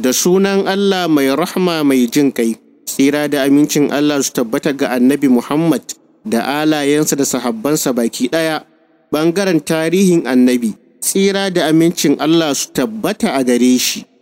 da sunan Allah mai rahma mai jin kai, tsira da amincin Allah su tabbata ga annabi Muhammad da alayensa da sahabbansa baki ɗaya, ɓangaren tarihin annabi, tsira da amincin Allah su tabbata a gare shi.